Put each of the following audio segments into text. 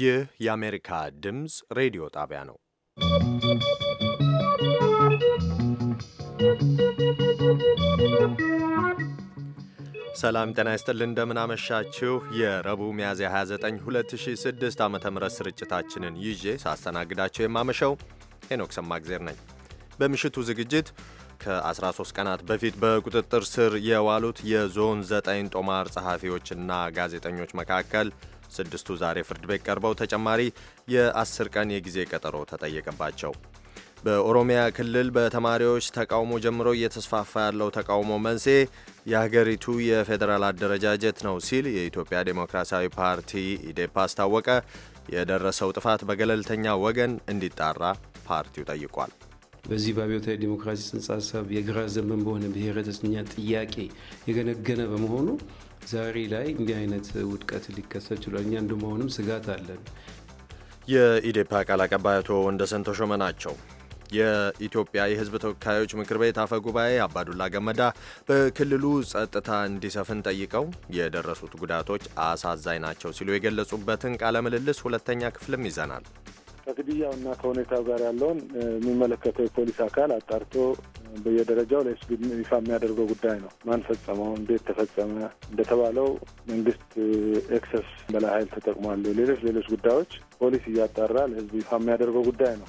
ይህ የአሜሪካ ድምፅ ሬዲዮ ጣቢያ ነው። ሰላም ጤና ይስጥልን። እንደምናመሻችሁ የረቡዕ ሚያዝያ 29 2006 ዓ ም ስርጭታችንን ይዤ ሳስተናግዳቸው የማመሸው ሄኖክ ሰማግዜር ነኝ። በምሽቱ ዝግጅት ከ13 ቀናት በፊት በቁጥጥር ስር የዋሉት የዞን 9 ጦማር ጸሐፊዎችና ጋዜጠኞች መካከል ስድስቱ ዛሬ ፍርድ ቤት ቀርበው ተጨማሪ የ10 ቀን የጊዜ ቀጠሮ ተጠየቀባቸው። በኦሮሚያ ክልል በተማሪዎች ተቃውሞ ጀምሮ እየተስፋፋ ያለው ተቃውሞ መንስኤ የሀገሪቱ የፌዴራል አደረጃጀት ነው ሲል የኢትዮጵያ ዴሞክራሲያዊ ፓርቲ ኢዴፓ አስታወቀ። የደረሰው ጥፋት በገለልተኛ ወገን እንዲጣራ ፓርቲው ጠይቋል። በዚህ በአብዮታዊ ዲሞክራሲ ጽንሰ ሀሳብ የግራ ዘመን በሆነ ብሔረተኛ ጥያቄ የገነገነ በመሆኑ ዛሬ ላይ እንዲህ አይነት ውድቀት ሊከሰት ችሏል። እኛ እንደውም አሁንም ስጋት አለን። የኢዴፓ ቃል አቀባይ አቶ ወንደሰን ተሾመ ናቸው። የኢትዮጵያ የሕዝብ ተወካዮች ምክር ቤት አፈ ጉባኤ አባዱላ ገመዳ በክልሉ ጸጥታ እንዲሰፍን ጠይቀው የደረሱት ጉዳቶች አሳዛኝ ናቸው ሲሉ የገለጹበትን ቃለ ምልልስ ሁለተኛ ክፍልም ይዘናል። ከግድያውና ከሁኔታው ጋር ያለውን የሚመለከተው የፖሊስ አካል አጣርቶ በየደረጃው ለህዝብ ይፋ የሚያደርገው ጉዳይ ነው። ማን ፈጸመው፣ እንዴት ተፈጸመ፣ እንደተባለው መንግስት ኤክሰስ በላይ ኃይል ተጠቅሟል፣ ሌሎች ሌሎች ጉዳዮች ፖሊስ እያጣራ ለህዝብ ይፋ የሚያደርገው ጉዳይ ነው።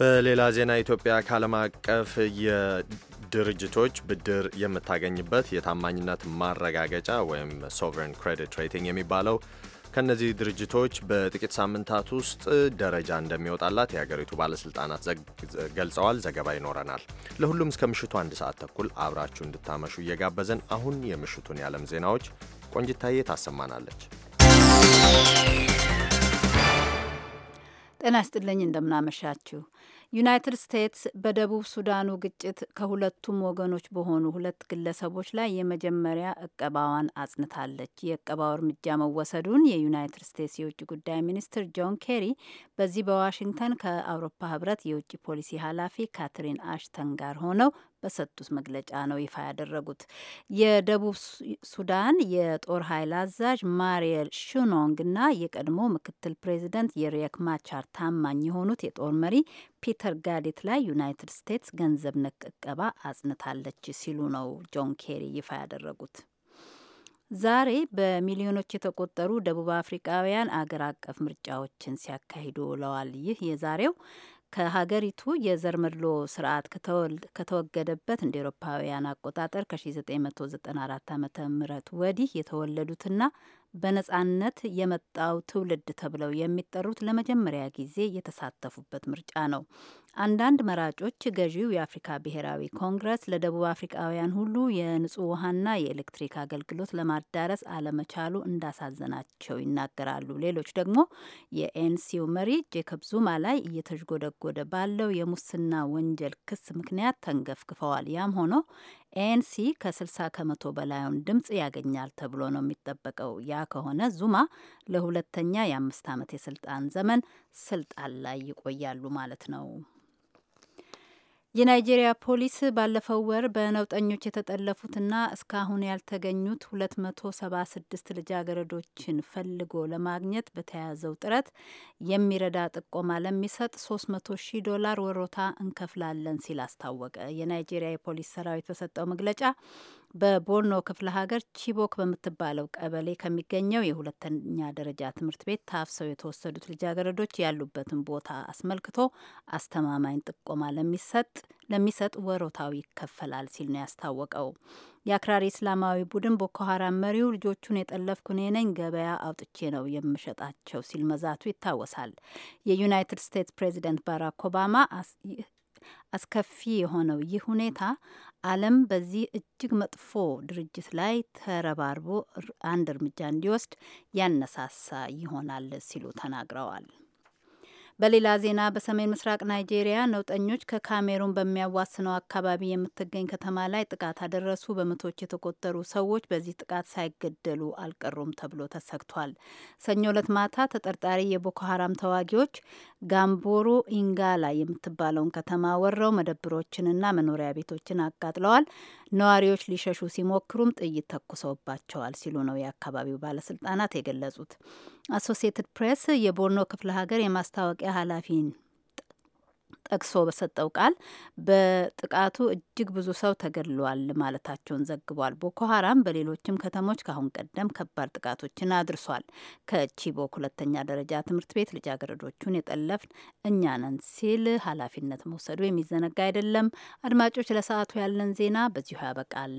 በሌላ ዜና ኢትዮጵያ ከዓለም አቀፍ የድርጅቶች ብድር የምታገኝበት የታማኝነት ማረጋገጫ ወይም ሶቨሬን ክሬዲት ሬቲንግ የሚባለው ከእነዚህ ድርጅቶች በጥቂት ሳምንታት ውስጥ ደረጃ እንደሚወጣላት የሀገሪቱ ባለስልጣናት ገልጸዋል። ዘገባ ይኖረናል። ለሁሉም እስከ ምሽቱ አንድ ሰዓት ተኩል አብራችሁ እንድታመሹ እየጋበዘን አሁን የምሽቱን የዓለም ዜናዎች ቆንጅታዬ ታሰማናለች። ጤና ይስጥልኝ እንደምናመሻችሁ። ዩናይትድ ስቴትስ በደቡብ ሱዳኑ ግጭት ከሁለቱም ወገኖች በሆኑ ሁለት ግለሰቦች ላይ የመጀመሪያ እቀባዋን አጽንታለች። የእቀባው እርምጃ መወሰዱን የዩናይትድ ስቴትስ የውጭ ጉዳይ ሚኒስትር ጆን ኬሪ በዚህ በዋሽንግተን ከአውሮፓ ሕብረት የውጭ ፖሊሲ ኃላፊ ካትሪን አሽተን ጋር ሆነው በሰጡት መግለጫ ነው ይፋ ያደረጉት። የደቡብ ሱዳን የጦር ኃይል አዛዥ ማሪየል ሹኖንግና የቀድሞ ምክትል ፕሬዚደንት የሪየክ ማቻር ታማኝ የሆኑት የጦር መሪ ፒተር ጋዴት ላይ ዩናይትድ ስቴትስ ገንዘብ ነክ እቀባ አጽንታለች ሲሉ ነው ጆን ኬሪ ይፋ ያደረጉት። ዛሬ በሚሊዮኖች የተቆጠሩ ደቡብ አፍሪካውያን አገር አቀፍ ምርጫዎችን ሲያካሂዱ ውለዋል። ይህ የዛሬው ከሀገሪቱ የዘር መድሎ ስርዓት ከተወገደበት እንደ ኤሮፓውያን አቆጣጠር ከ1994 ዓ ም ወዲህ የተወለዱትና በነጻነት የመጣው ትውልድ ተብለው የሚጠሩት ለመጀመሪያ ጊዜ የተሳተፉበት ምርጫ ነው። አንዳንድ መራጮች ገዢው የአፍሪካ ብሔራዊ ኮንግረስ ለደቡብ አፍሪካውያን ሁሉ የንጹህ ውሃና የኤሌክትሪክ አገልግሎት ለማዳረስ አለመቻሉ እንዳሳዘናቸው ይናገራሉ። ሌሎች ደግሞ የኤንሲው መሪ ጄኮብ ዙማ ላይ እየተዥጎደጎደ ባለው የሙስና ወንጀል ክስ ምክንያት ተንገፍግፈዋል። ያም ሆኖ ኤንሲ ከ60 ከመቶ በላዩን ድምፅ ያገኛል ተብሎ ነው የሚጠበቀው። ያ ከሆነ ዙማ ለሁለተኛ የአምስት ዓመት የስልጣን ዘመን ስልጣን ላይ ይቆያሉ ማለት ነው። የናይጄሪያ ፖሊስ ባለፈው ወር በነውጠኞች የተጠለፉትና እስካሁን ያልተገኙት 276 ልጃገረዶችን ፈልጎ ለማግኘት በተያያዘው ጥረት የሚረዳ ጥቆማ ለሚሰጥ 300 ሺህ ዶላር ወሮታ እንከፍላለን ሲል አስታወቀ። የናይጄሪያ የፖሊስ ሰራዊት በሰጠው መግለጫ በቦርኖ ክፍለ ሀገር ቺቦክ በምትባለው ቀበሌ ከሚገኘው የሁለተኛ ደረጃ ትምህርት ቤት ታፍሰው የተወሰዱት ልጃገረዶች ያሉበትን ቦታ አስመልክቶ አስተማማኝ ጥቆማ ለሚሰጥ ለሚሰጥ ወሮታዊ ይከፈላል ሲል ነው ያስታወቀው። የአክራሪ እስላማዊ ቡድን ቦኮ ሀራም መሪው ልጆቹን የጠለፍኩ እኔ ነኝ፣ ገበያ አውጥቼ ነው የምሸጣቸው ሲል መዛቱ ይታወሳል። የዩናይትድ ስቴትስ ፕሬዚደንት ባራክ ኦባማ አስከፊ የሆነው ይህ ሁኔታ ዓለም በዚህ እጅግ መጥፎ ድርጅት ላይ ተረባርቦ አንድ እርምጃ እንዲወስድ ያነሳሳ ይሆናል ሲሉ ተናግረዋል። በሌላ ዜና በሰሜን ምስራቅ ናይጄሪያ ነውጠኞች ከካሜሩን በሚያዋስነው አካባቢ የምትገኝ ከተማ ላይ ጥቃት አደረሱ። በመቶች የተቆጠሩ ሰዎች በዚህ ጥቃት ሳይገደሉ አልቀሩም ተብሎ ተሰግቷል። ሰኞ ዕለት ማታ ተጠርጣሪ የቦኮ ሀራም ተዋጊዎች ጋምቦሮ ኢንጋላ የምትባለውን ከተማ ወረው መደብሮችንና መኖሪያ ቤቶችን አቃጥለዋል። ነዋሪዎች ሊሸሹ ሲሞክሩም ጥይት ተኩሰውባቸዋል ሲሉ ነው የአካባቢው ባለስልጣናት የገለጹት። አሶሲየትድ ፕሬስ የቦርኖ ክፍለ ሀገር የማስታወቂያ ኃላፊን ጠቅሶ በሰጠው ቃል በጥቃቱ እጅግ ብዙ ሰው ተገድሏል ማለታቸውን ዘግቧል። ቦኮ ሀራም በሌሎችም ከተሞች ከአሁን ቀደም ከባድ ጥቃቶችን አድርሷል። ከቺቦክ ሁለተኛ ደረጃ ትምህርት ቤት ልጃገረዶቹን የጠለፍን እኛ ነን ሲል ኃላፊነት መውሰዱ የሚዘነጋ አይደለም። አድማጮች፣ ለሰዓቱ ያለን ዜና በዚሁ ያበቃል።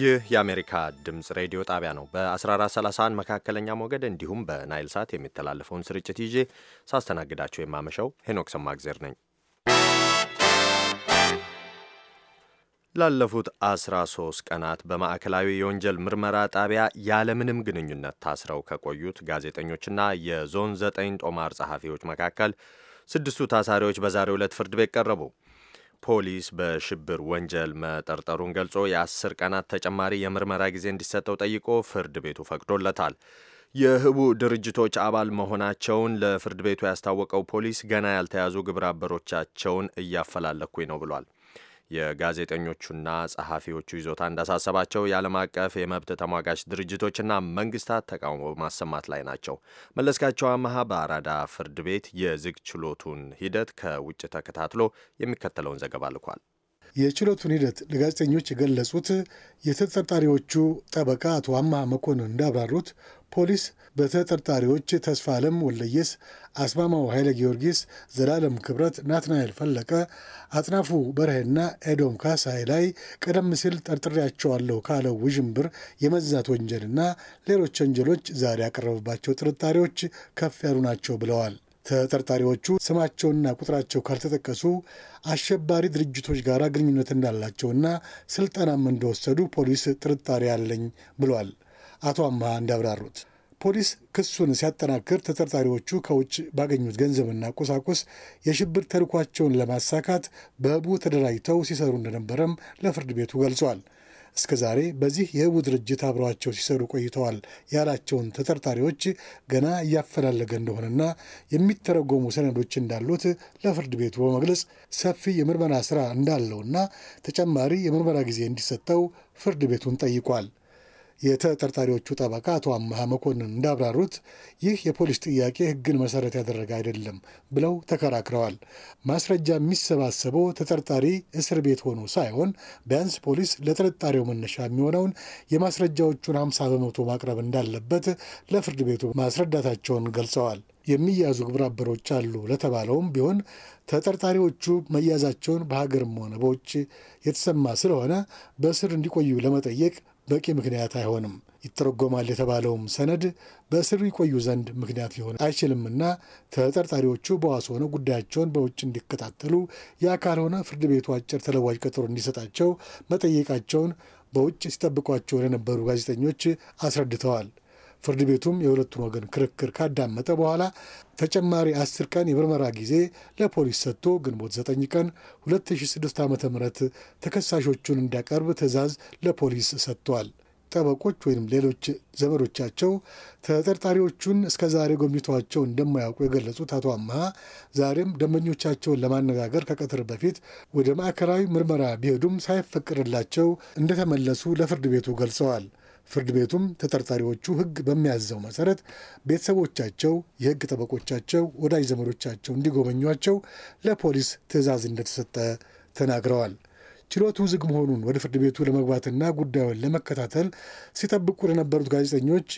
ይህ የአሜሪካ ድምፅ ሬዲዮ ጣቢያ ነው። በ1431 መካከለኛ ሞገድ እንዲሁም በናይል ሳት የሚተላለፈውን ስርጭት ይዤ ሳስተናግዳችሁ የማመሸው ሄኖክ ሰማግዜር ነኝ። ላለፉት 13 ቀናት በማዕከላዊ የወንጀል ምርመራ ጣቢያ ያለምንም ግንኙነት ታስረው ከቆዩት ጋዜጠኞችና የዞን 9 ጦማር ጸሐፊዎች መካከል ስድስቱ ታሳሪዎች በዛሬው ዕለት ፍርድ ቤት ቀረቡ። ፖሊስ በሽብር ወንጀል መጠርጠሩን ገልጾ የአስር ቀናት ተጨማሪ የምርመራ ጊዜ እንዲሰጠው ጠይቆ ፍርድ ቤቱ ፈቅዶለታል። የህቡ ድርጅቶች አባል መሆናቸውን ለፍርድ ቤቱ ያስታወቀው ፖሊስ ገና ያልተያዙ ግብረ አበሮቻቸውን እያፈላለኩኝ ነው ብሏል። የጋዜጠኞቹና ጸሐፊዎቹ ይዞታ እንዳሳሰባቸው የዓለም አቀፍ የመብት ተሟጋች ድርጅቶችና መንግስታት ተቃውሞ በማሰማት ላይ ናቸው። መለስካቸው አመሃ በአራዳ ፍርድ ቤት የዝግ ችሎቱን ሂደት ከውጭ ተከታትሎ የሚከተለውን ዘገባ ልኳል። የችሎቱን ሂደት ለጋዜጠኞች የገለጹት የተጠርጣሪዎቹ ጠበቃ አቶ አማ መኮንን እንዳብራሩት ፖሊስ በተጠርጣሪዎች ተስፋ አለም ወለየስ፣ አስማማው ኃይለ ጊዮርጊስ፣ ዘላለም ክብረት፣ ናትናኤል ፈለቀ፣ አጥናፉ በርሄና ኤዶም ካሳይ ላይ ቀደም ሲል ጠርጥሬያቸዋለሁ ካለው ውዥንብር የመዛት ወንጀልና ሌሎች ወንጀሎች ዛሬ ያቀረበባቸው ጥርጣሬዎች ከፍ ያሉ ናቸው ብለዋል። ተጠርጣሪዎቹ ስማቸውና ቁጥራቸው ካልተጠቀሱ አሸባሪ ድርጅቶች ጋር ግንኙነት እንዳላቸውና ስልጠናም እንደወሰዱ ፖሊስ ጥርጣሬ አለኝ ብሏል። አቶ አምሃ እንዳብራሩት ፖሊስ ክሱን ሲያጠናክር ተጠርጣሪዎቹ ከውጭ ባገኙት ገንዘብና ቁሳቁስ የሽብር ተልኳቸውን ለማሳካት በቡ ተደራጅተው ሲሰሩ እንደነበረም ለፍርድ ቤቱ ገልጿል። እስከ ዛሬ በዚህ የህቡ ድርጅት አብረዋቸው ሲሰሩ ቆይተዋል ያላቸውን ተጠርጣሪዎች ገና እያፈላለገ እንደሆነና የሚተረጎሙ ሰነዶች እንዳሉት ለፍርድ ቤቱ በመግለጽ ሰፊ የምርመራ ስራ እንዳለውና ተጨማሪ የምርመራ ጊዜ እንዲሰጠው ፍርድ ቤቱን ጠይቋል። የተጠርጣሪዎቹ ጠበቃ አቶ አመሀ መኮንን እንዳብራሩት ይህ የፖሊስ ጥያቄ ሕግን መሰረት ያደረገ አይደለም ብለው ተከራክረዋል። ማስረጃ የሚሰባሰበው ተጠርጣሪ እስር ቤት ሆኖ ሳይሆን ቢያንስ ፖሊስ ለጥርጣሬው መነሻ የሚሆነውን የማስረጃዎቹን ሀምሳ በመቶ ማቅረብ እንዳለበት ለፍርድ ቤቱ ማስረዳታቸውን ገልጸዋል። የሚያዙ ግብረ አሉ ለተባለውም ቢሆን ተጠርጣሪዎቹ መያዛቸውን በሀገርም ሆነ በውጭ የተሰማ ስለሆነ በእስር እንዲቆዩ ለመጠየቅ በቂ ምክንያት አይሆንም። ይተረጎማል የተባለውም ሰነድ በእስር ይቆዩ ዘንድ ምክንያት ሊሆን አይችልምና ተጠርጣሪዎቹ በዋስ ሆነው ጉዳያቸውን በውጭ እንዲከታተሉ፣ ያ ካልሆነ ፍርድ ቤቱ አጭር ተለዋጭ ቀጠሮ እንዲሰጣቸው መጠየቃቸውን በውጭ ሲጠብቋቸው ለነበሩ ጋዜጠኞች አስረድተዋል። ፍርድ ቤቱም የሁለቱን ወገን ክርክር ካዳመጠ በኋላ ተጨማሪ አስር ቀን የምርመራ ጊዜ ለፖሊስ ሰጥቶ ግንቦት 9 ቀን 2006 ዓ ም ተከሳሾቹን እንዲያቀርብ ትዕዛዝ ለፖሊስ ሰጥቷል። ጠበቆች ወይም ሌሎች ዘመዶቻቸው ተጠርጣሪዎቹን እስከ ዛሬ ጎብኝቷቸው እንደማያውቁ የገለጹት አቶ አመሃ ዛሬም ደንበኞቻቸውን ለማነጋገር ከቀትር በፊት ወደ ማዕከላዊ ምርመራ ቢሄዱም ሳይፈቅድላቸው እንደተመለሱ ለፍርድ ቤቱ ገልጸዋል። ፍርድ ቤቱም ተጠርጣሪዎቹ ሕግ በሚያዘው መሰረት ቤተሰቦቻቸው፣ የሕግ ጠበቆቻቸው፣ ወዳጅ ዘመዶቻቸው እንዲጎበኟቸው ለፖሊስ ትዕዛዝ እንደተሰጠ ተናግረዋል። ችሎቱ ዝግ መሆኑን ወደ ፍርድ ቤቱ ለመግባትና ጉዳዩን ለመከታተል ሲጠብቁ ለነበሩት ጋዜጠኞች፣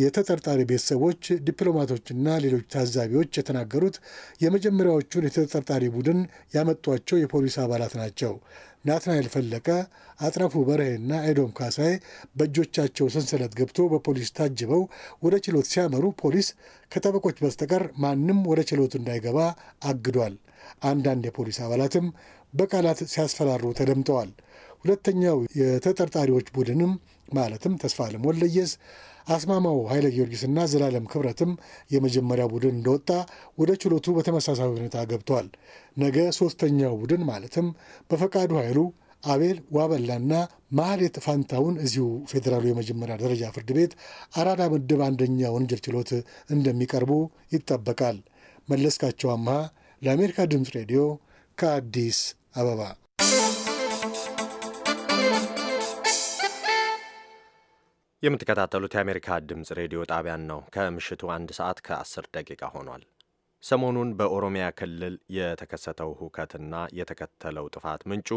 የተጠርጣሪ ቤተሰቦች፣ ዲፕሎማቶችና ሌሎች ታዛቢዎች የተናገሩት የመጀመሪያዎቹን የተጠርጣሪ ቡድን ያመጧቸው የፖሊስ አባላት ናቸው። ናትናኤል ፈለቀ፣ አጥረፉ በርሄና ኤዶም ካሳይ በእጆቻቸው ሰንሰለት ገብቶ በፖሊስ ታጅበው ወደ ችሎት ሲያመሩ ፖሊስ ከጠበቆች በስተቀር ማንም ወደ ችሎት እንዳይገባ አግዷል። አንዳንድ የፖሊስ አባላትም በቃላት ሲያስፈራሩ ተደምጠዋል። ሁለተኛው የተጠርጣሪዎች ቡድንም ማለትም ተስፋለም ወልደየስ አስማማው ኃይለ ጊዮርጊስና ዘላለም ክብረትም የመጀመሪያ ቡድን እንደወጣ ወደ ችሎቱ በተመሳሳይ ሁኔታ ገብቷል። ነገ ሶስተኛው ቡድን ማለትም በፈቃዱ ኃይሉ፣ አቤል ዋበላና ማህሌት ፋንታውን እዚሁ ፌዴራሉ የመጀመሪያ ደረጃ ፍርድ ቤት አራዳ ምድብ አንደኛ ወንጀል ችሎት እንደሚቀርቡ ይጠበቃል። መለስካቸው አምሃ ለአሜሪካ ድምፅ ሬዲዮ ከአዲስ አበባ የምትከታተሉት የአሜሪካ ድምፅ ሬዲዮ ጣቢያን ነው። ከምሽቱ አንድ ሰዓት ከ ከአስር ደቂቃ ሆኗል። ሰሞኑን በኦሮሚያ ክልል የተከሰተው ሁከትና የተከተለው ጥፋት ምንጩ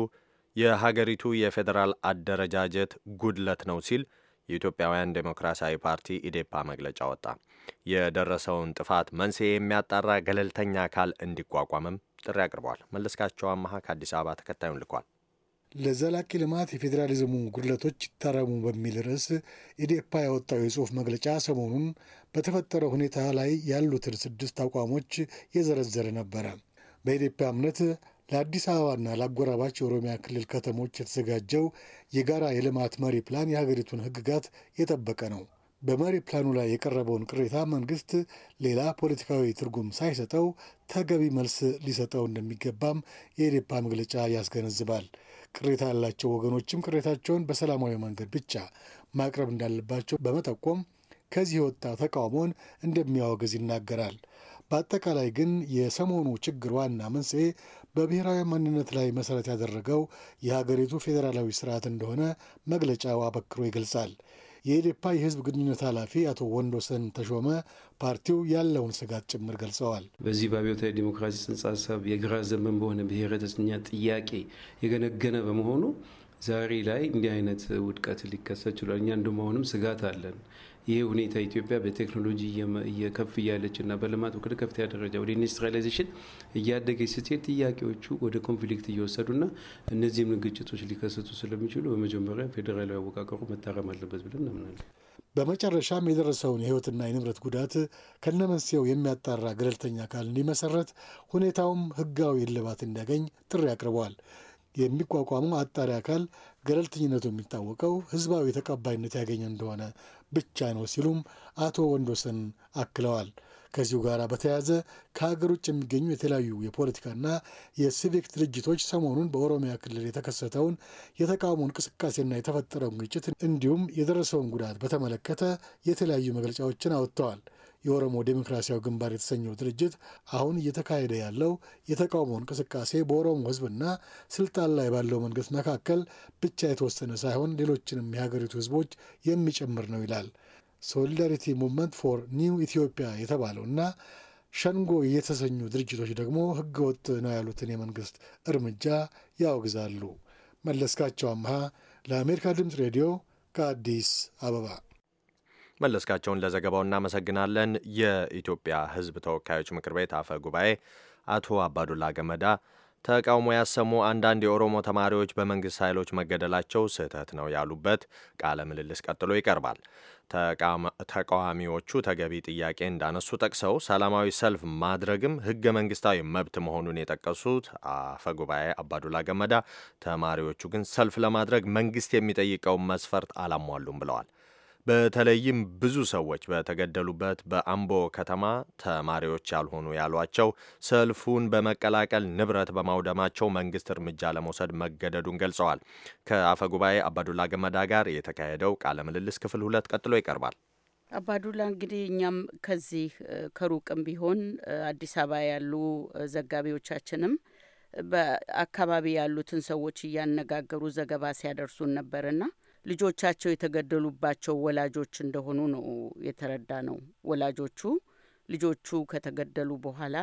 የሀገሪቱ የፌዴራል አደረጃጀት ጉድለት ነው ሲል የኢትዮጵያውያን ዴሞክራሲያዊ ፓርቲ ኢዴፓ መግለጫ ወጣ። የደረሰውን ጥፋት መንስኤ የሚያጣራ ገለልተኛ አካል እንዲቋቋምም ጥሪ አቅርቧል። መለስካቸው አመሀ ከአዲስ አበባ ተከታዩን ልኳል። ለዘላቂ ልማት የፌዴራሊዝሙ ጉድለቶች ይታረሙ በሚል ርዕስ ኢዴፓ ያወጣው የጽሑፍ መግለጫ ሰሞኑን በተፈጠረው ሁኔታ ላይ ያሉትን ስድስት አቋሞች የዘረዘረ ነበረ። በኢዴፓ እምነት ለአዲስ አበባና ለአጎራባች የኦሮሚያ ክልል ከተሞች የተዘጋጀው የጋራ የልማት መሪ ፕላን የሀገሪቱን ሕግጋት የጠበቀ ነው። በመሪ ፕላኑ ላይ የቀረበውን ቅሬታ መንግስት ሌላ ፖለቲካዊ ትርጉም ሳይሰጠው ተገቢ መልስ ሊሰጠው እንደሚገባም የኢዴፓ መግለጫ ያስገነዝባል። ቅሬታ ያላቸው ወገኖችም ቅሬታቸውን በሰላማዊ መንገድ ብቻ ማቅረብ እንዳለባቸው በመጠቆም ከዚህ የወጣ ተቃውሞውን እንደሚያወግዝ ይናገራል። በአጠቃላይ ግን የሰሞኑ ችግር ዋና መንስኤ በብሔራዊ ማንነት ላይ መሰረት ያደረገው የሀገሪቱ ፌዴራላዊ ስርዓት እንደሆነ መግለጫው አበክሮ ይገልጻል። የኢዴፓ የህዝብ ግንኙነት ኃላፊ አቶ ወንዶሰን ተሾመ ፓርቲው ያለውን ስጋት ጭምር ገልጸዋል። በዚህ በአብዮታዊ ዲሞክራሲ ጽንሰ ሀሳብ የግራ ዘመን በሆነ ብሔረተኛ ጥያቄ የገነገነ በመሆኑ ዛሬ ላይ እንዲህ አይነት ውድቀት ሊከሰት ችሏል። እኛ እንደውም አሁንም ስጋት አለን። ይህ ሁኔታ ኢትዮጵያ በቴክኖሎጂ እየከፍ እያለች እና በልማት ወደ ከፍተኛ ደረጃ ወደ ኢንዱስትሪላይዜሽን እያደገች ስትሄድ ጥያቄዎቹ ወደ ኮንፍሊክት እየወሰዱና እነዚህም ግጭቶች ሊከሰቱ ስለሚችሉ በመጀመሪያ ፌዴራላዊ አወቃቀሩ መታረም አለበት ብለን እናምናለን። በመጨረሻም የደረሰውን የህይወትና የንብረት ጉዳት ከነመንስኤው የሚያጣራ ገለልተኛ አካል እንዲመሰረት ሁኔታውም ህጋዊ እልባት እንዲያገኝ ጥሪ አቅርበዋል። የሚቋቋመው አጣሪ አካል ገለልተኝነቱ የሚታወቀው ህዝባዊ ተቀባይነት ያገኘ እንደሆነ ብቻ ነው ሲሉም አቶ ወንዶሰን አክለዋል። ከዚሁ ጋር በተያያዘ ከሀገር ውጭ የሚገኙ የተለያዩ የፖለቲካና የሲቪክ ድርጅቶች ሰሞኑን በኦሮሚያ ክልል የተከሰተውን የተቃውሞ እንቅስቃሴና የተፈጠረውን ግጭት እንዲሁም የደረሰውን ጉዳት በተመለከተ የተለያዩ መግለጫዎችን አወጥተዋል። የኦሮሞ ዴሞክራሲያዊ ግንባር የተሰኘው ድርጅት አሁን እየተካሄደ ያለው የተቃውሞ እንቅስቃሴ በኦሮሞ ህዝብና ስልጣን ላይ ባለው መንግስት መካከል ብቻ የተወሰነ ሳይሆን ሌሎችንም የሀገሪቱ ህዝቦች የሚጨምር ነው ይላል። ሶሊዳሪቲ ሙቭመንት ፎር ኒው ኢትዮጵያ እና ሸንጎ የተሰኙ ድርጅቶች ደግሞ ህገወጥ ነው ያሉትን የመንግስት እርምጃ ያወግዛሉ። መለስካቸው አምሃ ለአሜሪካ ድምፅ ሬዲዮ ከአዲስ አበባ መለስካቸውን ለዘገባው እናመሰግናለን። የኢትዮጵያ ሕዝብ ተወካዮች ምክር ቤት አፈ ጉባኤ አቶ አባዱላ ገመዳ ተቃውሞ ያሰሙ አንዳንድ የኦሮሞ ተማሪዎች በመንግስት ኃይሎች መገደላቸው ስህተት ነው ያሉበት ቃለ ምልልስ ቀጥሎ ይቀርባል። ተቃዋሚዎቹ ተገቢ ጥያቄ እንዳነሱ ጠቅሰው ሰላማዊ ሰልፍ ማድረግም ህገ መንግስታዊ መብት መሆኑን የጠቀሱት አፈ ጉባኤ አባዱላ ገመዳ ተማሪዎቹ ግን ሰልፍ ለማድረግ መንግስት የሚጠይቀውን መስፈርት አላሟሉም ብለዋል። በተለይም ብዙ ሰዎች በተገደሉበት በአምቦ ከተማ ተማሪዎች ያልሆኑ ያሏቸው ሰልፉን በመቀላቀል ንብረት በማውደማቸው መንግስት እርምጃ ለመውሰድ መገደዱን ገልጸዋል። ከአፈ ጉባኤ አባዱላ ገመዳ ጋር የተካሄደው ቃለ ምልልስ ክፍል ሁለት ቀጥሎ ይቀርባል። አባዱላ እንግዲህ እኛም ከዚህ ከሩቅም ቢሆን አዲስ አበባ ያሉ ዘጋቢዎቻችንም በአካባቢ ያሉትን ሰዎች እያነጋገሩ ዘገባ ሲያደርሱን ነበርና ልጆቻቸው የተገደሉባቸው ወላጆች እንደሆኑ ነው የተረዳ ነው። ወላጆቹ ልጆቹ ከተገደሉ በኋላ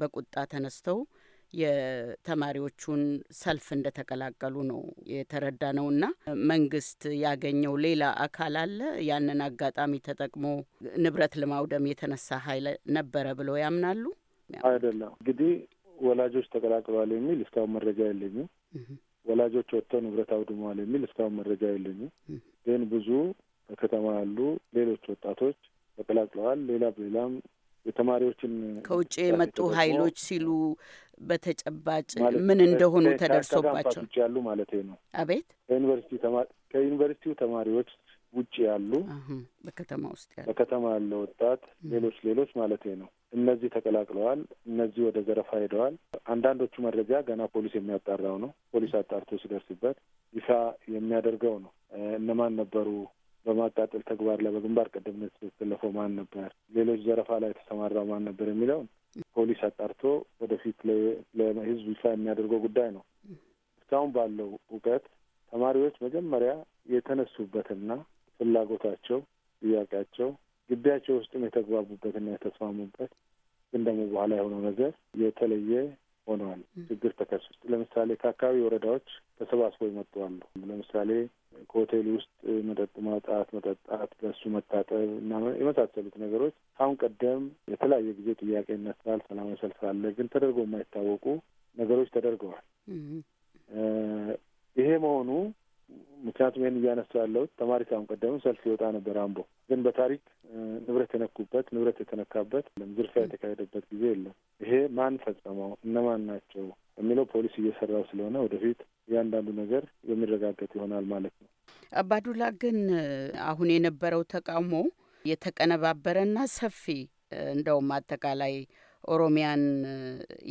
በቁጣ ተነስተው የተማሪዎቹን ሰልፍ እንደተቀላቀሉ ነው የተረዳ ነው። እና መንግስት ያገኘው ሌላ አካል አለ ያንን አጋጣሚ ተጠቅሞ ንብረት ለማውደም የተነሳ ኃይል ነበረ ብለው ያምናሉ? አይደለም እንግዲህ ወላጆች ተቀላቅለዋል የሚል እስካሁን መረጃ የለኝም። ወላጆች ወጥተው ንብረት አውድመዋል የሚል እስካሁን መረጃ የለኝም። ግን ብዙ በከተማ ያሉ ሌሎች ወጣቶች ተቀላቅለዋል። ሌላ ሌላም የተማሪዎችን ከውጭ የመጡ ኃይሎች ሲሉ በተጨባጭ ምን እንደሆኑ ተደርሶባቸው ውጭ ያሉ ማለት ነው። አቤት ከዩኒቨርሲቲ ከዩኒቨርሲቲው ተማሪዎች ውጭ ያሉ በከተማ ውስጥ በከተማ ያለ ወጣት ሌሎች ሌሎች ማለት ነው። እነዚህ ተቀላቅለዋል፣ እነዚህ ወደ ዘረፋ ሄደዋል። አንዳንዶቹ መረጃ ገና ፖሊስ የሚያጣራው ነው። ፖሊስ አጣርቶ ሲደርስበት ይፋ የሚያደርገው ነው። እነማን ነበሩ በማቃጠል ተግባር ላይ በግንባር ቀደምነት የተሰለፈው ማን ነበር፣ ሌሎች ዘረፋ ላይ የተሰማራው ማን ነበር የሚለውን ፖሊስ አጣርቶ ወደፊት ለህዝብ ይፋ የሚያደርገው ጉዳይ ነው። እስካሁን ባለው እውቀት ተማሪዎች መጀመሪያ የተነሱበትና ፍላጎታቸው ጥያቄያቸው ግቢያቸው ውስጥም የተግባቡበትና የተስማሙበት ግን ደግሞ በኋላ የሆነው ነገር የተለየ ሆነዋል። ችግር ተከስቶ ለምሳሌ ከአካባቢ ወረዳዎች ተሰባስበው ይመጡዋሉ። ለምሳሌ ከሆቴል ውስጥ መጠጥ ማውጣት፣ መጠጣት፣ በሱ መታጠብ እና የመሳሰሉት ነገሮች አሁን ቀደም የተለያየ ጊዜ ጥያቄ ይነሳል። ሰላማዊ ሰልፍ አለ፣ ግን ተደርጎ የማይታወቁ ነገሮች ተደርገዋል። ይሄ መሆኑ ምክንያቱም ይህን እያነሳ ያለሁት ተማሪ ካሁን ቀደምም ሰልፍ ይወጣ ነበር። አምቦ ግን በታሪክ ንብረት የነኩበት ንብረት የተነካበት ዝርፊያ የተካሄደበት ጊዜ የለም። ይሄ ማን ፈጸመው፣ እነማን ናቸው የሚለው ፖሊስ እየሰራው ስለሆነ ወደፊት እያንዳንዱ ነገር የሚረጋገጥ ይሆናል ማለት ነው። አባዱላ ግን አሁን የነበረው ተቃውሞ የተቀነባበረና ሰፊ እንደውም አጠቃላይ ኦሮሚያን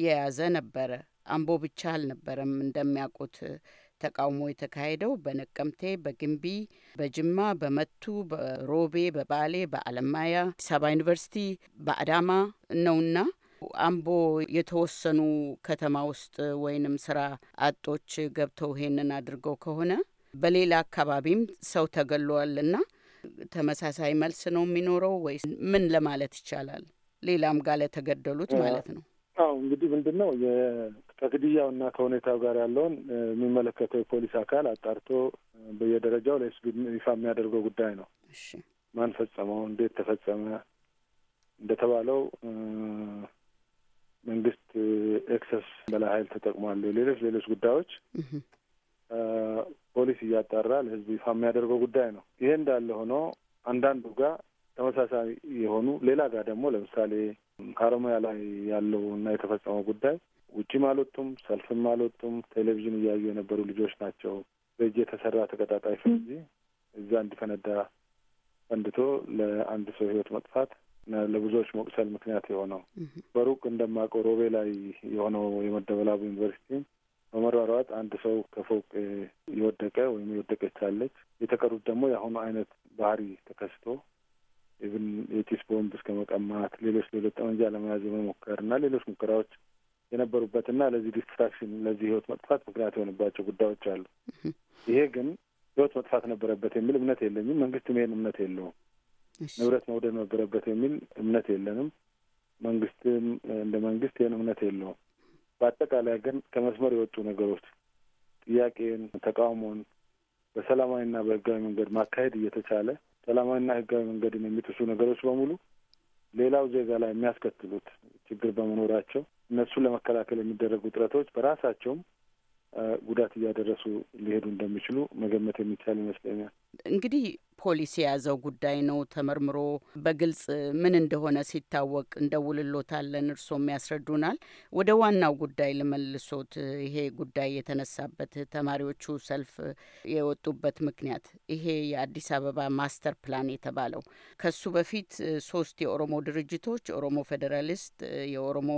የያዘ ነበረ። አምቦ ብቻ አልነበረም እንደሚያውቁት ተቃውሞ የተካሄደው በነቀምቴ፣ በግንቢ፣ በጅማ፣ በመቱ፣ በሮቤ፣ በባሌ፣ በአለማያ፣ አዲስ አበባ ዩኒቨርሲቲ፣ በአዳማ ነውና አምቦ የተወሰኑ ከተማ ውስጥ ወይንም ስራ አጦች ገብተው ይሄንን አድርገው ከሆነ በሌላ አካባቢም ሰው ተገሏልና ተመሳሳይ መልስ ነው የሚኖረው ወይ ምን ለማለት ይቻላል? ሌላም ጋር ለተገደሉት ማለት ነው። አዎ እንግዲህ ምንድን ነው እና ከሁኔታው ጋር ያለውን የሚመለከተው የፖሊስ አካል አጣርቶ በየደረጃው ለህዝብ ይፋ የሚያደርገው ጉዳይ ነው። ማን ፈጸመው፣ እንዴት ተፈጸመ እንደተባለው መንግስት ኤክሰስ በላይ ኃይል ተጠቅሟል፣ ሌሎች ሌሎች ጉዳዮች ፖሊስ እያጣራ ለህዝብ ይፋ የሚያደርገው ጉዳይ ነው። ይሄ እንዳለ ሆኖ አንዳንዱ ጋር ተመሳሳይ የሆኑ ሌላ ጋር ደግሞ ለምሳሌ ከኦሮሚያ ላይ ያለው እና የተፈጸመው ጉዳይ ውጭም አልወጡም፣ ሰልፍም አልወጡም። ቴሌቪዥን እያዩ የነበሩ ልጆች ናቸው። በእጅ የተሰራ ተቀጣጣይ ፈንጂ እዛ እንዲፈነዳ ፈንድቶ ለአንድ ሰው ህይወት መጥፋት እና ለብዙዎች መቁሰል ምክንያት የሆነው በሩቅ እንደማውቀው ሮቤ ላይ የሆነው የመደበላቡ ዩኒቨርሲቲ በመሯሯጥ አንድ ሰው ከፎቅ የወደቀ ወይም የወደቀች አለች። የተቀሩት ደግሞ የአሁኑ አይነት ባህሪ ተከስቶ ኢቭን የጭስ ቦምብ እስከ መቀማት ሌሎች ሌሎች ጠመንጃ ለመያዝ የመሞከር እና ሌሎች ሙከራዎች የነበሩበትና ለዚህ ዲስትራክሽን ለዚህ ህይወት መጥፋት ምክንያት የሆንባቸው ጉዳዮች አሉ። ይሄ ግን ህይወት መጥፋት ነበረበት የሚል እምነት የለኝም። መንግስትም ይሄን እምነት የለውም። ንብረት መውደድ ነበረበት የሚል እምነት የለንም። መንግስትም እንደ መንግስት ይህን እምነት የለውም። በአጠቃላይ ግን ከመስመር የወጡ ነገሮች ጥያቄን፣ ተቃውሞን በሰላማዊና በህጋዊ መንገድ ማካሄድ እየተቻለ ሰላማዊና ህጋዊ መንገድን የሚጥሱ ነገሮች በሙሉ ሌላው ዜጋ ላይ የሚያስከትሉት ችግር በመኖራቸው እነሱን ለመከላከል የሚደረጉ ጥረቶች በራሳቸውም ጉዳት እያደረሱ ሊሄዱ እንደሚችሉ መገመት የሚቻል ይመስለኛል። እንግዲህ ፖሊስ የያዘው ጉዳይ ነው። ተመርምሮ በግልጽ ምን እንደሆነ ሲታወቅ እንደውልሎታለን፣ እርሶም ያስረዱናል። ወደ ዋናው ጉዳይ ልመልሶት። ይሄ ጉዳይ የተነሳበት ተማሪዎቹ ሰልፍ የወጡበት ምክንያት ይሄ የአዲስ አበባ ማስተር ፕላን የተባለው ከሱ በፊት ሶስት የኦሮሞ ድርጅቶች ኦሮሞ ፌዴራሊስት፣ የኦሮሞ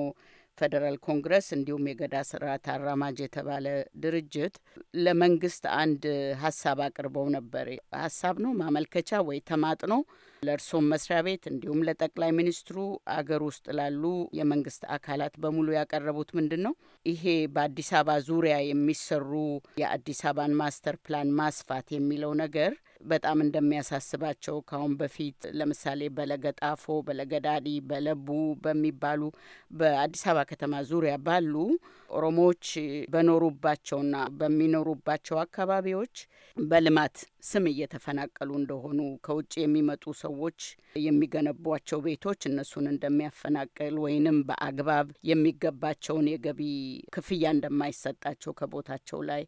ፌዴራል ኮንግረስ እንዲሁም የገዳ ስርዓት አራማጅ የተባለ ድርጅት ለመንግስት አንድ ሀሳብ አቅርበው ነበር። ሀሳብ ነው ማመልከቻ ወይ ተማጥኖ ለእርሶም መስሪያ ቤት እንዲሁም ለጠቅላይ ሚኒስትሩ አገር ውስጥ ላሉ የመንግስት አካላት በሙሉ ያቀረቡት ምንድን ነው? ይሄ በአዲስ አበባ ዙሪያ የሚሰሩ የአዲስ አበባን ማስተር ፕላን ማስፋት የሚለው ነገር በጣም እንደሚያሳስባቸው ከአሁን በፊት ለምሳሌ በለገጣፎ፣ በለገዳዲ፣ በለቡ በሚባሉ በአዲስ አበባ ከተማ ዙሪያ ባሉ ኦሮሞዎች በኖሩባቸውና በሚኖሩባቸው አካባቢዎች በልማት ስም እየተፈናቀሉ እንደሆኑ ከውጭ የሚመጡ ሰዎች የሚገነቧቸው ቤቶች እነሱን እንደሚያፈናቅል ወይንም በአግባብ የሚገባቸውን የገቢ ክፍያ እንደማይሰጣቸው ከቦታቸው ላይ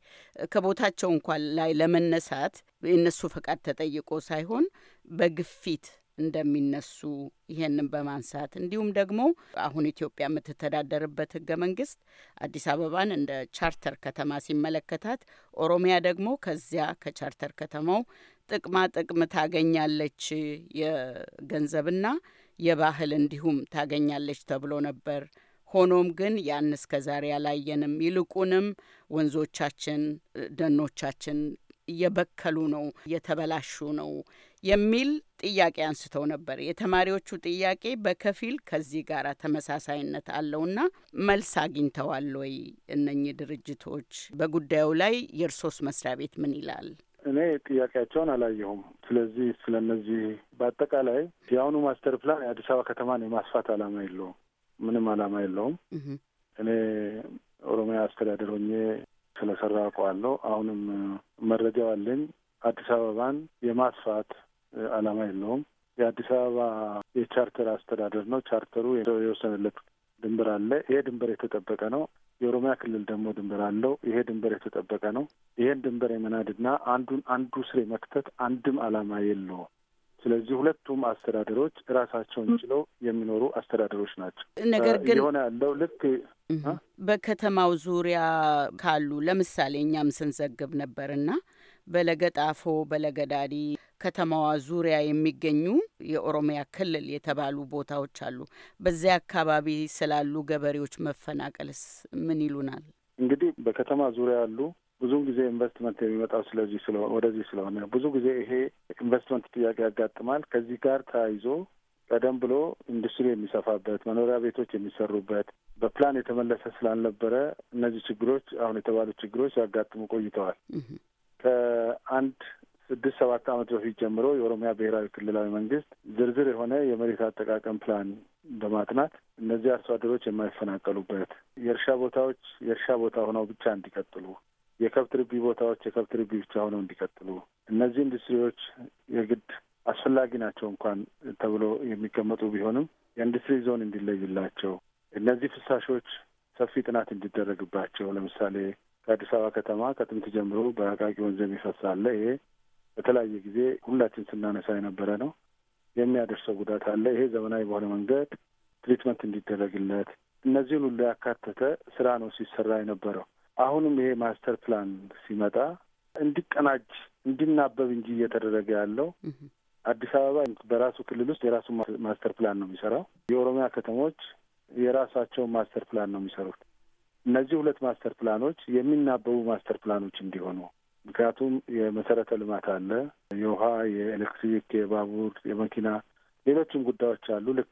ከቦታቸው እንኳን ላይ ለመነሳት የእነሱ ፈቃድ ተጠይቆ ሳይሆን በግፊት እንደሚነሱ ይህንን በማንሳት እንዲሁም ደግሞ አሁን ኢትዮጵያ የምትተዳደርበት ህገ መንግስት አዲስ አበባን እንደ ቻርተር ከተማ ሲመለከታት፣ ኦሮሚያ ደግሞ ከዚያ ከቻርተር ከተማው ጥቅማ ጥቅም ታገኛለች የገንዘብና የባህል እንዲሁም ታገኛለች ተብሎ ነበር። ሆኖም ግን ያን እስከ ዛሬ አላየንም። ይልቁንም ወንዞቻችን፣ ደኖቻችን እየበከሉ ነው፣ እየተበላሹ ነው። የሚል ጥያቄ አንስተው ነበር። የተማሪዎቹ ጥያቄ በከፊል ከዚህ ጋር ተመሳሳይነት አለውና መልስ አግኝተዋል ወይ? እነኚህ ድርጅቶች በጉዳዩ ላይ የእርሶስ መስሪያ ቤት ምን ይላል? እኔ ጥያቄያቸውን አላየሁም። ስለዚህ እነዚህ በአጠቃላይ የአሁኑ ማስተር ፕላን የአዲስ አበባ ከተማን የማስፋት ዓላማ የለውም። ምንም አላማ የለውም። እኔ ኦሮሚያ አስተዳደር ሆኜ ስለሰራ አውቀዋለሁ። አሁንም መረጃው አለኝ። አዲስ አበባን የማስፋት ዓላማ የለውም። የአዲስ አበባ የቻርተር አስተዳደር ነው። ቻርተሩ የወሰነለት ድንበር አለ። ይሄ ድንበር የተጠበቀ ነው። የኦሮሚያ ክልል ደግሞ ድንበር አለው። ይሄ ድንበር የተጠበቀ ነው። ይሄን ድንበር የመናድና አንዱን አንዱ ስር መክተት አንድም ዓላማ የለውም። ስለዚህ ሁለቱም አስተዳደሮች ራሳቸውን ችለው የሚኖሩ አስተዳደሮች ናቸው። ነገር ግን የሆነ ያለው ልክ በከተማው ዙሪያ ካሉ ለምሳሌ እኛም ስንዘግብ ነበርና በለገጣፎ፣ በለገዳዲ ከተማዋ ዙሪያ የሚገኙ የኦሮሚያ ክልል የተባሉ ቦታዎች አሉ። በዚያ አካባቢ ስላሉ ገበሬዎች መፈናቀልስ ምን ይሉናል? እንግዲህ በከተማ ዙሪያ ያሉ ብዙ ጊዜ ኢንቨስትመንት የሚመጣው ስለዚህ ስለሆነ ወደዚህ ስለሆነ ብዙ ጊዜ ይሄ ኢንቨስትመንት ጥያቄ ያጋጥማል። ከዚህ ጋር ተያይዞ ቀደም ብሎ ኢንዱስትሪ የሚሰፋበት መኖሪያ ቤቶች የሚሰሩበት በፕላን የተመለሰ ስላልነበረ እነዚህ ችግሮች አሁን የተባሉ ችግሮች ሲያጋጥሙ ቆይተዋል። ከአንድ ስድስት ሰባት ዓመት በፊት ጀምሮ የኦሮሚያ ብሔራዊ ክልላዊ መንግስት ዝርዝር የሆነ የመሬት አጠቃቀም ፕላን በማጥናት እነዚህ አርሶ አደሮች የማይፈናቀሉበት የእርሻ ቦታዎች የእርሻ ቦታ ሆነው ብቻ እንዲቀጥሉ፣ የከብት ርቢ ቦታዎች የከብት ርቢ ብቻ ሆነው እንዲቀጥሉ፣ እነዚህ ኢንዱስትሪዎች የግድ አስፈላጊ ናቸው እንኳን ተብሎ የሚቀመጡ ቢሆንም የኢንዱስትሪ ዞን እንዲለይላቸው፣ እነዚህ ፍሳሾች ሰፊ ጥናት እንዲደረግባቸው ለምሳሌ ከአዲስ አበባ ከተማ ከጥንት ጀምሮ በአቃቂ ወንዝ የሚፈሳለ ይሄ በተለያየ ጊዜ ሁላችን ስናነሳ የነበረ ነው። የሚያደርሰው ጉዳት አለ። ይሄ ዘመናዊ በሆነ መንገድ ትሪትመንት እንዲደረግለት እነዚህን ሁሉ ያካተተ ስራ ነው ሲሰራ የነበረው። አሁንም ይሄ ማስተር ፕላን ሲመጣ እንዲቀናጅ እንዲናበብ እንጂ እየተደረገ ያለው አዲስ አበባ በራሱ ክልል ውስጥ የራሱ ማስተር ፕላን ነው የሚሰራው። የኦሮሚያ ከተሞች የራሳቸውን ማስተር ፕላን ነው የሚሰሩት። እነዚህ ሁለት ማስተር ፕላኖች የሚናበቡ ማስተር ፕላኖች እንዲሆኑ ምክንያቱም የመሰረተ ልማት አለ፣ የውሃ፣ የኤሌክትሪክ፣ የባቡር፣ የመኪና ሌሎችም ጉዳዮች አሉ። ልክ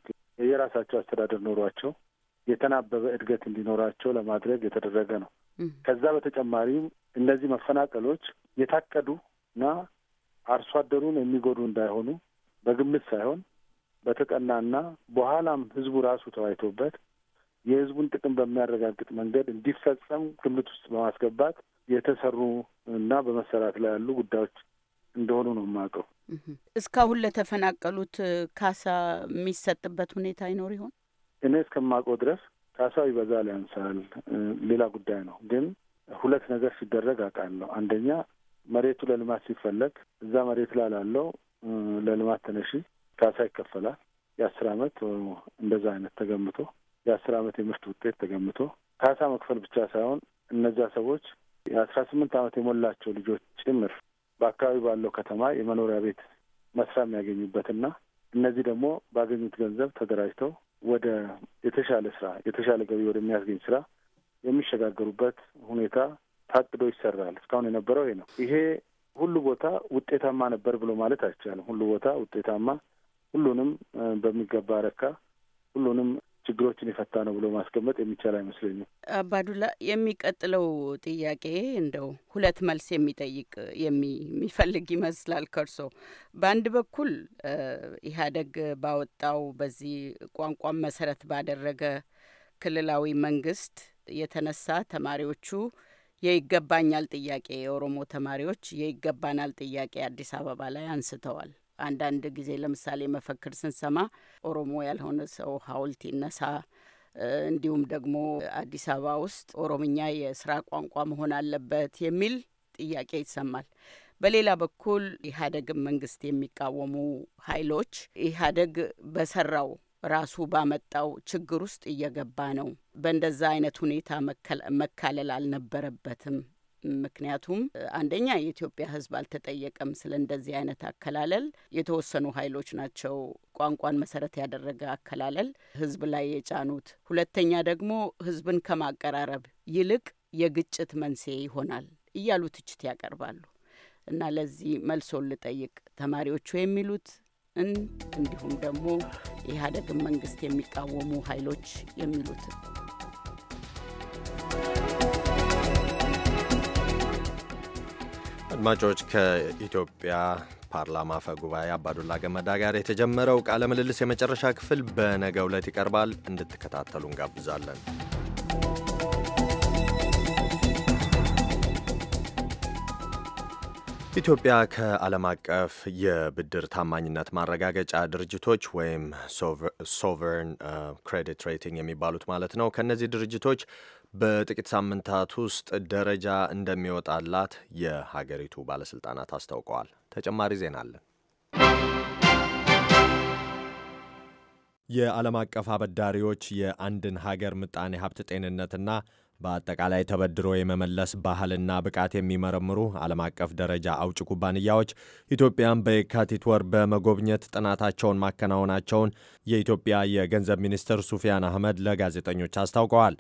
የራሳቸው አስተዳደር ኖሯቸው የተናበበ እድገት እንዲኖራቸው ለማድረግ የተደረገ ነው። ከዛ በተጨማሪም እነዚህ መፈናቀሎች የታቀዱ እና አርሶ አደሩን የሚጎዱ እንዳይሆኑ በግምት ሳይሆን በተጠናና በኋላም ህዝቡ ራሱ ተወያይቶበት የህዝቡን ጥቅም በሚያረጋግጥ መንገድ እንዲፈጸም ግምት ውስጥ በማስገባት የተሰሩ እና በመሰራት ላይ ያሉ ጉዳዮች እንደሆኑ ነው የማውቀው። እስካሁን ለተፈናቀሉት ካሳ የሚሰጥበት ሁኔታ አይኖር ይሆን? እኔ እስከማውቀው ድረስ ካሳው ይበዛል ያንሳል፣ ሌላ ጉዳይ ነው። ግን ሁለት ነገር ሲደረግ አውቃለሁ። አንደኛ መሬቱ ለልማት ሲፈለግ እዛ መሬት ላይ ላለው ለልማት ተነሺ ካሳ ይከፈላል። የአስር አመት እንደዛ አይነት ተገምቶ የአስር አመት የምርት ውጤት ተገምቶ ካሳ መክፈል ብቻ ሳይሆን እነዛ ሰዎች የአስራ ስምንት ዓመት የሞላቸው ልጆች ጭምር በአካባቢ ባለው ከተማ የመኖሪያ ቤት መስሪያ የሚያገኙበትና እነዚህ ደግሞ ባገኙት ገንዘብ ተደራጅተው ወደ የተሻለ ስራ የተሻለ ገቢ ወደሚያስገኝ ስራ የሚሸጋገሩበት ሁኔታ ታቅዶ ይሰራል። እስካሁን የነበረው ይሄ ነው። ይሄ ሁሉ ቦታ ውጤታማ ነበር ብሎ ማለት አይቻልም። ሁሉ ቦታ ውጤታማ ሁሉንም በሚገባ ረካ፣ ሁሉንም ችግሮችን የፈታ ነው ብሎ ማስቀመጥ የሚቻል አይመስለኝም። አባዱላ፣ የሚቀጥለው ጥያቄ እንደው ሁለት መልስ የሚጠይቅ የሚፈልግ ይመስላል ከርሶ። በአንድ በኩል ኢህአዴግ ባወጣው በዚህ ቋንቋን መሰረት ባደረገ ክልላዊ መንግስት የተነሳ ተማሪዎቹ የይገባኛል ጥያቄ የኦሮሞ ተማሪዎች የይገባናል ጥያቄ አዲስ አበባ ላይ አንስተዋል። አንዳንድ ጊዜ ለምሳሌ መፈክር ስንሰማ ኦሮሞ ያልሆነ ሰው ሀውልት ይነሳ እንዲሁም ደግሞ አዲስ አበባ ውስጥ ኦሮምኛ የስራ ቋንቋ መሆን አለበት የሚል ጥያቄ ይሰማል። በሌላ በኩል ኢህአዴግን መንግስት የሚቃወሙ ኃይሎች ኢህአዴግ በሰራው ራሱ ባመጣው ችግር ውስጥ እየገባ ነው፣ በእንደዛ አይነት ሁኔታ መካለል አልነበረበትም ምክንያቱም አንደኛ የኢትዮጵያ ሕዝብ አልተጠየቀም። ስለ እንደዚህ አይነት አከላለል የተወሰኑ ኃይሎች ናቸው ቋንቋን መሰረት ያደረገ አከላለል ሕዝብ ላይ የጫኑት። ሁለተኛ ደግሞ ሕዝብን ከማቀራረብ ይልቅ የግጭት መንስኤ ይሆናል እያሉ ትችት ያቀርባሉ እና ለዚህ መልሶን ልጠይቅ ተማሪዎቹ እን እንዲሁም ደግሞ የኢህአዴግን መንግስት የሚቃወሙ ኃይሎች የሚሉትን አድማጮች ከኢትዮጵያ ፓርላማ አፈ ጉባኤ አባዱላ ገመዳ ጋር የተጀመረው ቃለ ምልልስ የመጨረሻ ክፍል በነገ ዕለት ይቀርባል። እንድትከታተሉ እንጋብዛለን። ኢትዮጵያ ከዓለም አቀፍ የብድር ታማኝነት ማረጋገጫ ድርጅቶች ወይም ሶቨርን ክሬዲት uh, ሬቲንግ የሚባሉት ማለት ነው ከእነዚህ ድርጅቶች በጥቂት ሳምንታት ውስጥ ደረጃ እንደሚወጣላት የሀገሪቱ ባለስልጣናት አስታውቀዋል። ተጨማሪ ዜና አለን። የዓለም አቀፍ አበዳሪዎች የአንድን ሀገር ምጣኔ ሀብት ጤንነትና በአጠቃላይ ተበድሮ የመመለስ ባህልና ብቃት የሚመረምሩ ዓለም አቀፍ ደረጃ አውጭ ኩባንያዎች ኢትዮጵያን በየካቲት ወር በመጎብኘት ጥናታቸውን ማከናወናቸውን የኢትዮጵያ የገንዘብ ሚኒስትር ሱፊያን አህመድ ለጋዜጠኞች አስታውቀዋል።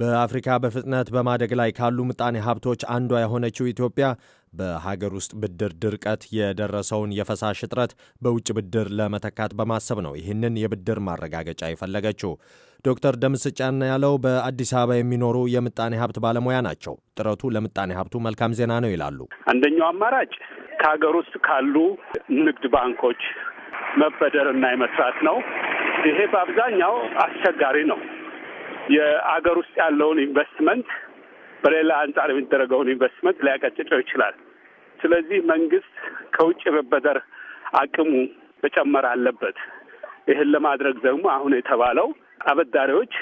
በአፍሪካ በፍጥነት በማደግ ላይ ካሉ ምጣኔ ሀብቶች አንዷ የሆነችው ኢትዮጵያ በሀገር ውስጥ ብድር ድርቀት የደረሰውን የፈሳሽ እጥረት በውጭ ብድር ለመተካት በማሰብ ነው ይህንን የብድር ማረጋገጫ የፈለገችው። ዶክተር ደምስ ጫና ያለው በአዲስ አበባ የሚኖሩ የምጣኔ ሀብት ባለሙያ ናቸው። ጥረቱ ለምጣኔ ሀብቱ መልካም ዜና ነው ይላሉ። አንደኛው አማራጭ ከሀገር ውስጥ ካሉ ንግድ ባንኮች መበደር እና የመስራት ነው። ይሄ በአብዛኛው አስቸጋሪ ነው። የአገር ውስጥ ያለውን ኢንቨስትመንት በሌላ አንጻር የሚደረገውን ኢንቨስትመንት ሊያቀጭጨው ይችላል። ስለዚህ መንግስት ከውጭ መበደር አቅሙ መጨመር አለበት። ይህን ለማድረግ ደግሞ አሁን የተባለው አበዳሪዎች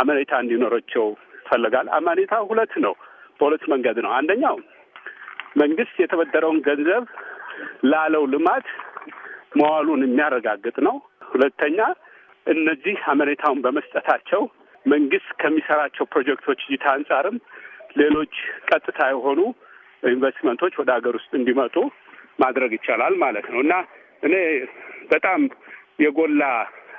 አመኔታ እንዲኖራቸው ይፈልጋል። አመኔታ ሁለት ነው፣ በሁለት መንገድ ነው። አንደኛው መንግስት የተበደረውን ገንዘብ ላለው ልማት መዋሉን የሚያረጋግጥ ነው። ሁለተኛ እነዚህ አመኔታውን በመስጠታቸው መንግስት ከሚሰራቸው ፕሮጀክቶች እይታ አንጻርም ሌሎች ቀጥታ የሆኑ ኢንቨስትመንቶች ወደ ሀገር ውስጥ እንዲመጡ ማድረግ ይቻላል ማለት ነው እና እኔ በጣም የጎላ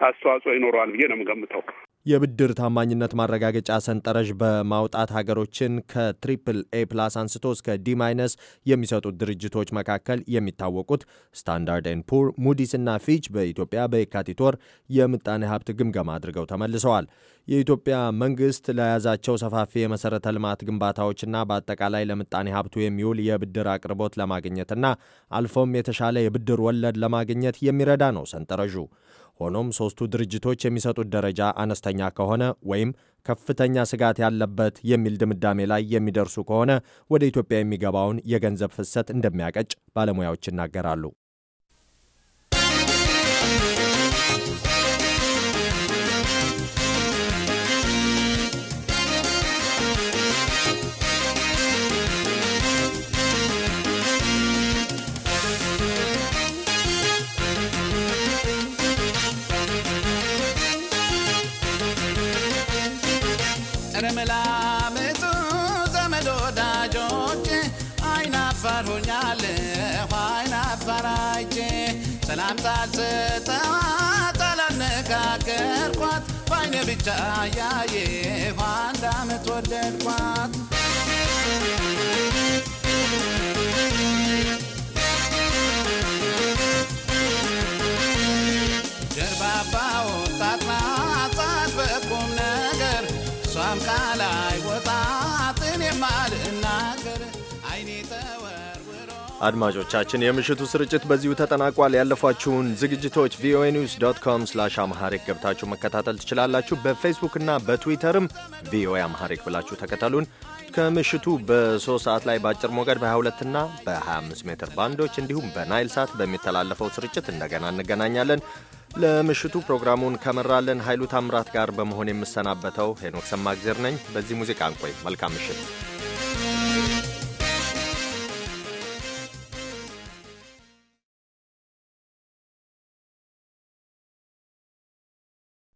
አስተዋጽኦ ይኖረዋል ብዬ ነው የምገምተው። የብድር ታማኝነት ማረጋገጫ ሰንጠረዥ በማውጣት ሀገሮችን ከትሪፕል ኤ ፕላስ አንስቶ እስከ ዲ ማይነስ የሚሰጡት ድርጅቶች መካከል የሚታወቁት ስታንዳርድ ኤን ፑር፣ ሙዲስ እና ፊች በኢትዮጵያ በየካቲት ወር የምጣኔ ሀብት ግምገማ አድርገው ተመልሰዋል። የኢትዮጵያ መንግስት ለያዛቸው ሰፋፊ የመሰረተ ልማት ግንባታዎችና በአጠቃላይ ለምጣኔ ሀብቱ የሚውል የብድር አቅርቦት ለማግኘትና አልፎም የተሻለ የብድር ወለድ ለማግኘት የሚረዳ ነው ሰንጠረዡ። ሆኖም ሦስቱ ድርጅቶች የሚሰጡት ደረጃ አነስተኛ ከሆነ ወይም ከፍተኛ ስጋት ያለበት የሚል ድምዳሜ ላይ የሚደርሱ ከሆነ ወደ ኢትዮጵያ የሚገባውን የገንዘብ ፍሰት እንደሚያቀጭ ባለሙያዎች ይናገራሉ። ሰላምታ ስተዋት አላነጋገርኳት ባይኔ ብቻ ያየሁ አንድ አመት ወደድኳት። ጀርባባ ወጣት ናት በቁም ነገር እሷም ቃል አይወጣት እኔም አልን አድማጮቻችን የምሽቱ ስርጭት በዚሁ ተጠናቋል። ያለፏችሁን ዝግጅቶች ቪኦኤ ኒውስ ዶት ኮም ስላሽ አምሃሪክ ገብታችሁ መከታተል ትችላላችሁ። በፌስቡክ እና በትዊተርም ቪኦኤ አምሃሪክ ብላችሁ ተከተሉን። ከምሽቱ በሶስት ሰዓት ላይ በአጭር ሞገድ በ22 እና በ25 ሜትር ባንዶች እንዲሁም በናይል ሳት በሚተላለፈው ስርጭት እንደገና እንገናኛለን። ለምሽቱ ፕሮግራሙን ከመራለን ኃይሉ ታምራት ጋር በመሆን የምሰናበተው ሄኖክ ሰማግዜር ነኝ። በዚህ ሙዚቃ እንቆይ። መልካም ምሽት።